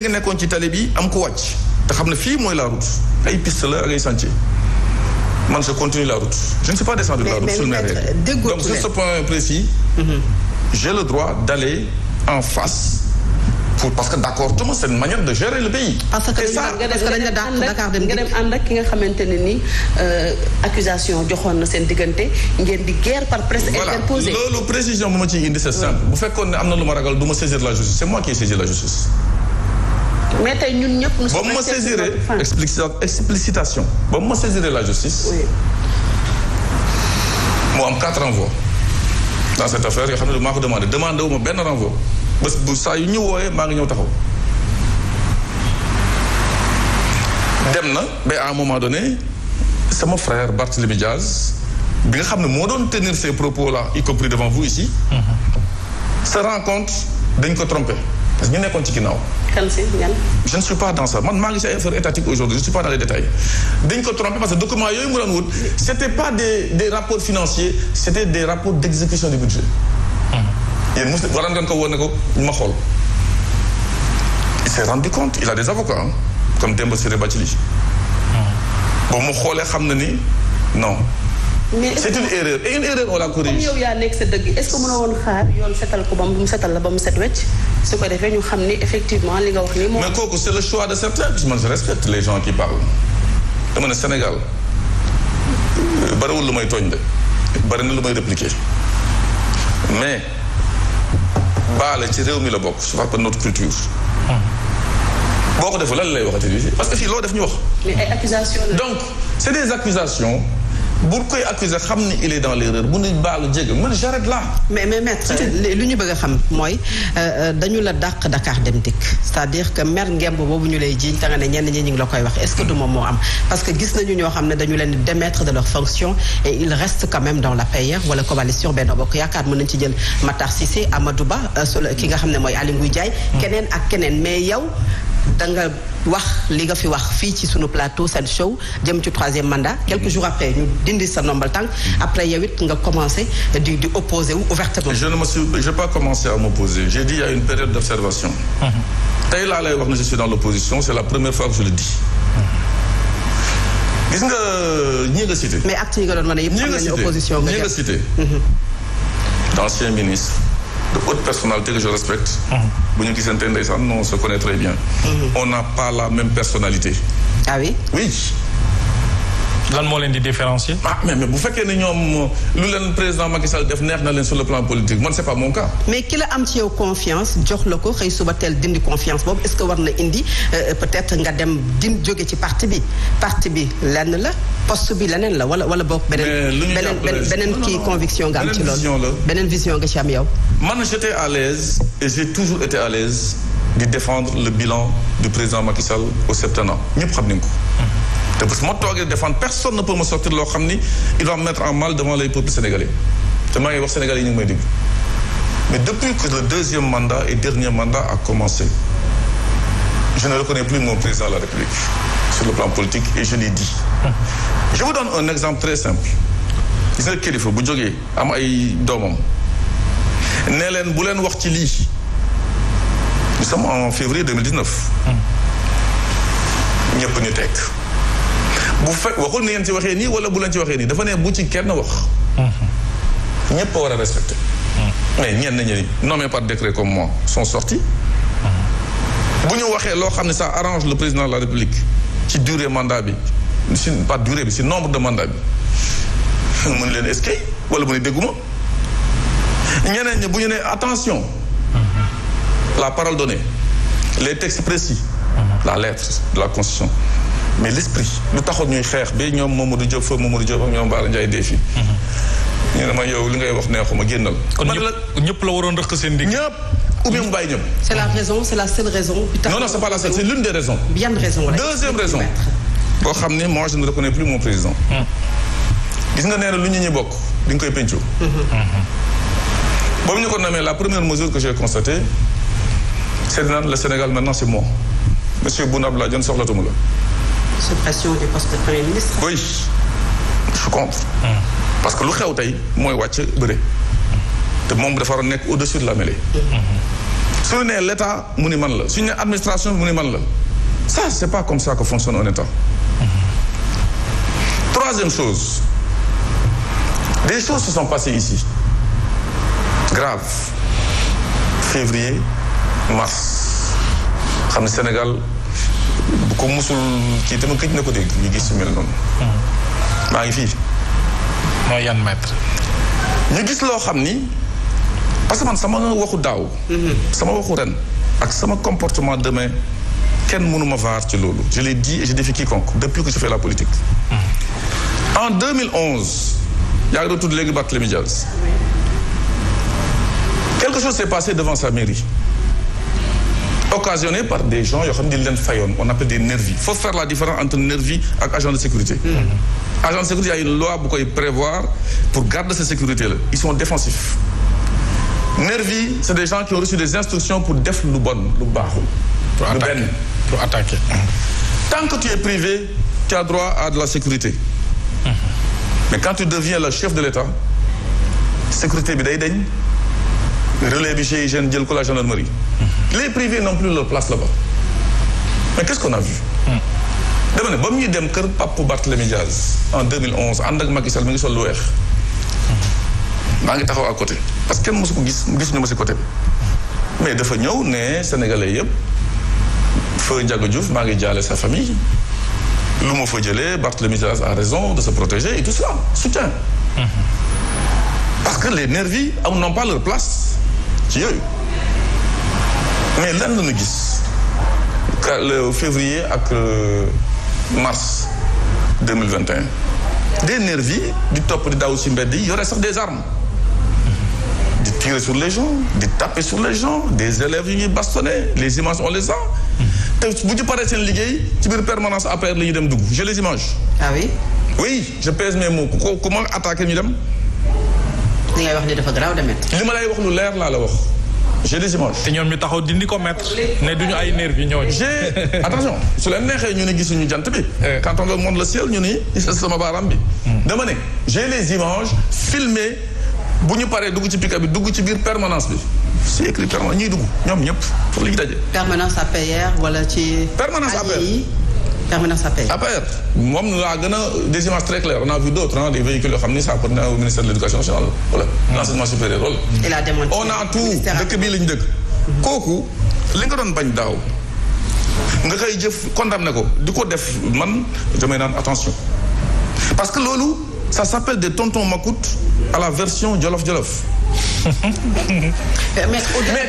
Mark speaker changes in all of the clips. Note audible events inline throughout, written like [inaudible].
Speaker 1: nga nekkoon ci tali bi am ko wàcc te xam ne fii mooy la route ay piste la ak ay sentier man je continue la route je ne suis pas descendu de la route sur mes règles donc sur ce point précis mm-hmm. j'ai le droit d'aller que d'accord tout c'est de gérer le pays.
Speaker 2: nga xamante ne ni euh, accusation joxoon na seen diggante ngeen di guerre par presse interposée. voilà
Speaker 1: loolu précision ma ciy indi c'est simple bu fekkoon ne am na lu ma ragal du ma la justice c'est moi qui ai la justice. mais
Speaker 2: tey ñun ñëpp nous sommes ba mu ma saisir
Speaker 1: explicitation ba mu ma saisir la justice. moo am quatre renvois. dans cette affaire yoo xam ne maa ko demandé demandé wu ma benn renvoi bés bu saa yu ñu wooyee maa ngi ñëw taxaw. dem na ba à un moment donné sama frère Barthélémy Diaz bi nga xam ne moo doon tenir ces propos là y compris devant vous ici. Mm-hmm. se rend dañ ko trompé. parce que ñu nekkoon ci ginnaaw. kan si ñan. je ne suis pas dans ça man maa ngi ci ay affaire étatique aujourd'hui je ne suis pas dans les détails dañ ko trompé parce que documents yooyu mu doon wut c' pas des des rapports financiers c' était des rapports d' exécution du budget. Hmm. yéen mos waroon ko woon ne ko ma xool. il s' est compte il a des avocats comme Demba Ciré Bathily. Hmm. bon mu xoolee xam na ni non.
Speaker 2: mais une erreur
Speaker 1: une erreur on corrige. comme
Speaker 2: yow yaa nekk sa dëgg est ce woon xaar yoon ba mu setal la su ko defee ñu xam ni effectivement li nga wax ni moom. mais
Speaker 1: kooku c'est le choix de certains man je respecte les gens qui parlent dama ne Sénégal bariwul lu may tooñ de bari na lu may répliquer mais baale ci réew mi la bokk su fekkee notre culture. boo ko defee lan lay waxati parce que fii loo def ñu wax. mais ay donc c'est des accusations. bu koy accuser xam ni il est dans l'erreur bu nit baalu jégg man j'arrête là.
Speaker 2: mais mais
Speaker 3: maître lu ñu bëgg a xam mooy euh, euh, dañu la dàq Dakar dem dikk c'est-à-dire que mer ngemb boobu ñu lay jiiñ ta ne ñenn ñi ñu ngi la koy wax est-ce que du moo am parce que gis nañu ñoo xam ne dañu leen démettre de leur fonction et ils restent quand même dans la paire wala coalition Benno Bokk Yaakaar mën nañ ci jël Matar Cissé Amadou Ba euh, ki nga xam ne mooy Aly Ngouille Ndiaye. Hmm. keneen ak keneen mais yow. da nga wax li nga fi wax fii ci sunu plateau seen show jëm ci troisième mandat quelques jours après ñu dindi sa nombal tànk après yow it nga commencé di di opposer ouvertement. je
Speaker 1: ne pas commencé à m'opposer j'ai dit il a une période d'observation. Mhm. tey laa lay wax ne je suis dans l'opposition c'est la première fois que je le dis. Mhm. gis nga euh, ñii nga cité. mais
Speaker 3: actes nga doon mën a yëpp. nga cité ñii nga cité.
Speaker 1: d'anciens ministres. de haute personnalité que je respecte. Mhm. bu ñu gisante ndeysaan on se connaît très bien. Mhm. on n'a pas la même personnalité. ah oui oui. lan moo leen di différencier. ah mais mais bu fekkee ne ñoom lu leen président Macky def neex na leen sur le plan politique man c'est pas mon cas.
Speaker 3: mais ki la am ci yow confiance jox la ko xëy suba teel dindi confiance boobu est-ce que war na indi euh, peut-être nga dem din jóge ci parti bi parti bi lenn la poste bi leneen la wala wala boog. beneen beneen beneen kii conviction nga am ci loolu. beneen vision nga ci am yow.
Speaker 1: man j'étais à l'aise et j'ai toujours été à l'aise di défendre le bilan du président Macky Sall au septennat ñëpp xam nañ ko. te bu ma toogee défendre personne ne peut me sortir loo xam ni il va me mettre en mal devant les peuples sénégalais te maa wax sénégalais yi ñu ngi mais depuis que le deuxième mandat et dernier mandat a commencé je ne reconnais plus mon président de la République sur le plan politique et je l'ai dit [laughs] je vous donne un exemple très simple gis nga kilifa bu jógee am ay doomam ne leen bu leen wax ci lii nous sommes en février 2019 hmm. ñëpp ñu tekk bu fekk waxul ni ngeen ci waxee nii wala bu leen ci waxee nii dafa ne bu ci kenn wax. ñëpp a war a respecté. mais ñenn ñi nommés par décret comme moi sont sortis. bu ñu waxee loo xam ne ça arrange le président de la république ci durée mandat bi si pas durée bi si nombre de mandat bi mu ne leen eskay wala mu ne dégguma ñeneen ñi bu ñu nee attention la parole donnée les textes précis la lettre de la constitution mais l'esprit lu taxoon ñuy xeex bi ñoom Mamadou Diop fa Mamadou Diop ak ñoom Bara Ndiaye Défi mhm. ñu ne ma yow li ngay wax neexuma génnal ñëpp la waroon rëq seen digg ñëpp ou bien mu bàyyi ñëpp
Speaker 3: c'est la raison c'est la seule raison
Speaker 1: non non c'est la seule c'est l'une des raisons bien raison boo xam ne moi je ne reconnais plus mon président gis nga nee na lu ñu ñu bokk di nga koy pencoo mhm. boobu ñu ko namee la première mesure que j'ai constatée c'est de naan le Sénégal maintenant c'est moi monsieur Boun Abdallah Dionne soxlatuma la suppression du poste de premier ministre. oui parce que lu xew tey mooy wàcc bëre. te moom dafa war a nekk au-dessus la mêlée. su ñu l'État mu ni man la su ne nee administration mu ni man la ça c'est pas comme ça que fonctionne un État. troisième chose des choses se sont passées ici graves février mars xam Sénégal. bu ko musul kii dama gëj ne ko dégg ñu gis su mel noonu. Hmm. maa ngi fii. mooy ñu gis loo xam ni parce que man sama waxu daaw. Hmm. sama waxu ren ak sama comportement demain kenn mënuma vaar ci loolu. je l'ai dit et je défie quiconque depuis que je fais la politique. Hmm. en yaa ngi doon léegi Barthélémy Diaz. quelque chose s'est passé devant sa mairie. occasionné par des gens yoo xam ne dañ leen fayoon on appelle des nervis faut faire la différence entre nervis ak agent de sécurité mm-hmm. agent de sécurité y a une loi bu koy prévoir pour garder sa sécurité la ils sont défensifs nervis c'est des gens qui ont reçu des instructions pour def lu bon lu baaxul pour attaquer mm-hmm. tant que tu es privé tu as droit à de la sécurité mm-hmm. mais quand tu deviens le chef de l'État sécurité bi day dañ relais bi GIGN jël collage la gendarmerie les privés n'ont plus leur place là-bas mais qu'est-ce qu'on vu dama ne ba mu ñuy dem kër Pape Barthélémy Diaz en 2011 ànd ak Macky Sall mi ngi sol lu weex maa ngi taxaw ak côté parce que kenn mosu ko gis mu gis ñu ma si côté bi mais dafa ñëw ne sénégalais yëpp feu Ndiaga Diouf maa ngi jaale sa famille lu ma fa jëlee Barthélémy Diaz a raison de sa protéger et tout cela soutien mm-hmm. parce que les nervis am n'ont pas leur place ci yooyu mais lan la ñu gis le février ak euh, mars de mille vingt et des nervis di topp di daw si mbedd yi yore sax des armes di tirer sur les gens di taper sur les gens des élèves yu ñuy bastonner les images on les a. te bu ñu paree seen liggéey ci biir permanence après la ñu dem dugg j'ai les images. ah oui. oui je pèse mes mots ku ko ñu dem. li ngay wax lay wax lu leer laa la wax. j'ai des images. te ñoom ñu taxaw dindi ko mettre ne ñu ay nervi ñooñu. j'ai attention su leen neexee ñu ne gisuñu jant bi. Eh. quand on le montre le ñu ni sama baaraam bi. Hmm. dama ne j'ai les images filmées bu ñu paree dugg ci pickup bi dugg ci biir permanence bi. c'est écrit permanence ñuy dugg ñoom ñëpp pour li ñu daje. permanence APR wala ci. permanence APR terminant sa moom laa gën a des images très claires on a d'autres hein, des véhicules yoo au ministère de l'éducation nationale wala mm. l'enseignement supérieur wala. il a démontré on tout dëkk bii lañ dëkk. Mm-hmm. kooku li nga doon bañ daaw nga koy jëf condamné ko di ko def man damay naan attention parce que loolu. ça s'appelle des tontons macoutes à la version Jolof Jolof. [laughs] mais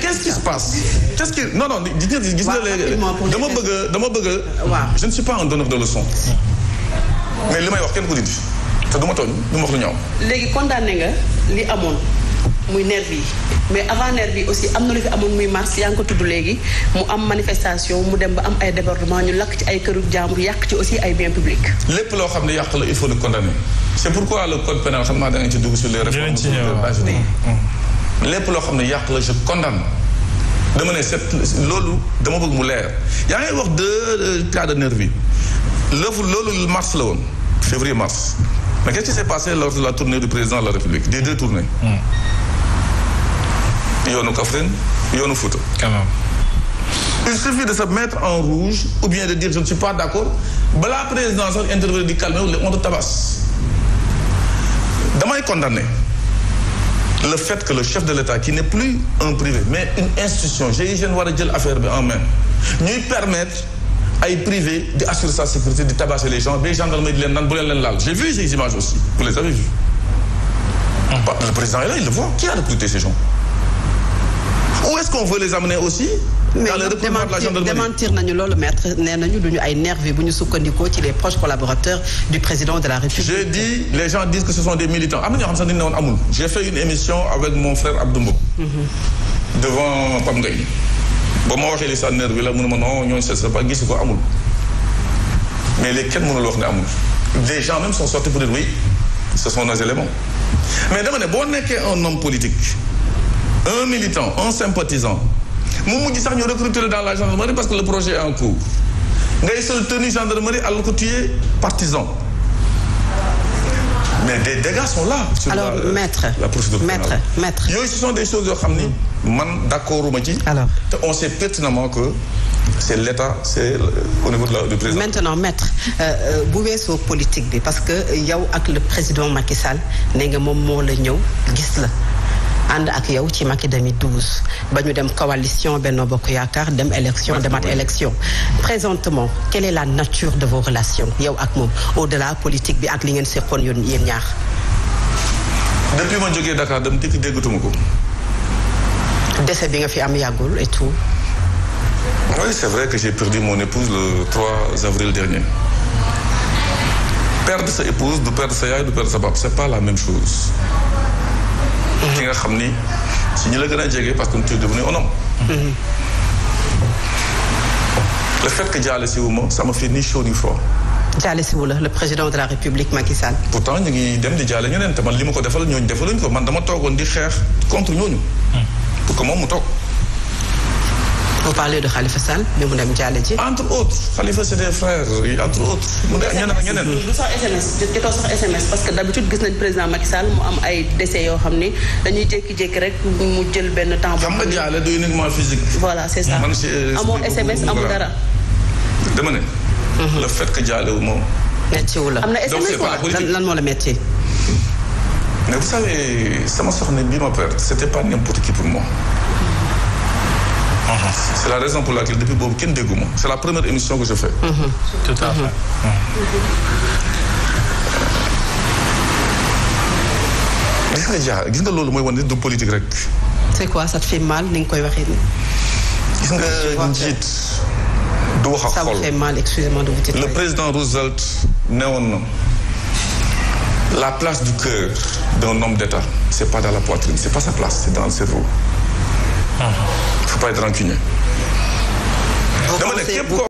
Speaker 1: qu'est-ce qui se passe qu'est-ce qui non non gis gis nga léegi dama bëgg dama bëgg a je ne suis pas un donneur de leçons mais li may wax kenn ko dindi te du ma tooñ du ma wax lu ñaaw
Speaker 2: léegi condamné nga li amoon muy nervi yi mais avant nervi aussi am na lu fi amoon muy mars yaa ngi ko tudd léegi mu am manifestation mu dem ba am ay débordement ñu lakk ci ay këru jàmbur yàq ci aussi ay biens publics.
Speaker 1: lépp loo xam ne yàq la il faut le condamner. c' est pourquoi le code pénal xam naa da nga ci dugg sur les réformes de mm, mm. lépp loo xam ne yàq la je condamne. dama ne set loolu dama bëgg mu leer yaa ngi wax deux euh, cas de nervi yi loolu mars la woon février mars mais quest la tournée du président de la République des yoonu Kaffrine yoonu Fouta. quand même. il suffit de se mettre en rouge ou bien de dire je ne suis pas d'accord balaa président sax intervenir di calmer wala on te tabasse damay condamner le fait que le chef de l'État qui n'est plus un privé mais une institution GIGN war a jël affaire bi en main ñuy permettre a privé di assurer sa sécurité di tabasser les gens des gendarmerie di leen naan bu leen leen laal j'ai vu ces images aussi vous les avez vues. le président est là Où est-ce qu'on veut les amener aussi dans le recrutement de la gendarmerie démentir nañu
Speaker 3: loolu maître nee nañu ñu ay nervi bu ñu sukkandikoo ci les proches collaborateurs du président de la République. je
Speaker 1: dis les gens disent que ce sont des militants am na ne woon amul. j'ai fait une émission avec mon frère Abdou mm-hmm. devant Pam Ngay. ma waxee li sa nervi la mënuma non ñooñu c'est pas gis ko amul mais léegi kenn mënul wax ne amul. des gens même sont sortis pour dire mais dama ne boo nekkee un homme un militant un sympathisant mu mujj sax ñu recruter dans la gendarmerie parce que le projet est en cours ngay sol tenue gendarmerie alors que tu partisan mais des dégâts sont là. sur la euh, maître, la procédure maître maître yooyu ce sont des choses yoo xam ni man d'accord ma ci. alors te on sait pertinemment que c'est l'État c'est euh, au niveau de la du président. maintenant maître euh, bi parce que yow
Speaker 3: ak le président Macky Sall nee nga moom moo la ñëw gis la. ànd ak yow ci Macky 2012 ba ñu dem coalition Benno Bokk Yaakaar dem élection demaat élection présentement quelle est la nature de vos relations yow ak moom au-delà politique bi ak li ngeen seqoon
Speaker 1: yoon yéen ñaar. depuis ma jógee Dakar dem dikk déggatuma ko.
Speaker 3: décès bi nga fi am yàggul et tout.
Speaker 1: oui c'est vrai que j'ai perdu mon épouse le 3 avril dernier. perdre sa épouse du perdre sa yaay du perdre sa papa c'est pas la même chose. ki nga xam ni si ñi la gën a jege parce que tu es devenu un homme. le fait que jaale si wu ma ça m'a fait ni chaud ni froid.
Speaker 3: jaale si wu la le président de la république Macky Sall.
Speaker 1: pourtant ñu ngi dem di jàlla ñeneen te man li ma ko defal ñooñu defaluñ ko man dama toogoon di xeex contre ñooñu. Hmm. pour que moom mu toog. On parlait de Khalifa Sall mais mu dem jàll ji. entre autres Khalifa c'est des frères entre autres. mu ne ñeneen ak ñeneen. du
Speaker 2: que d'habitude gis nañ président mu am ay yoo xam ne dañuy jékki-jékki rek jël benn temps. xam nga
Speaker 1: jàll du uniquement physique. Euh, dama ne. Mhm. le fait que jàll wu moom. métti wu am na la métti. mais vous savez sama soxna bi ma perte c'était pas n'importe qui pour moi. Mhm. c'est la raison pour laquelle depuis boobu kenn déggu c'est la première émission que je fais. Mhm. tout à fait. Mhm. gis nga jaa gis nga loolu mooy wane du politique rek.
Speaker 3: c'est quoi ça te fait mal ni nga koy waxee nii.
Speaker 1: gis nga euh, njiit euh, du wax fait mal le président Roosevelt newoon na. la place du cœur d'un homme d'État c'est pas dans la poitrine c'est pas sa place c'est dans le cerveau. il faut pas être rancunier. dama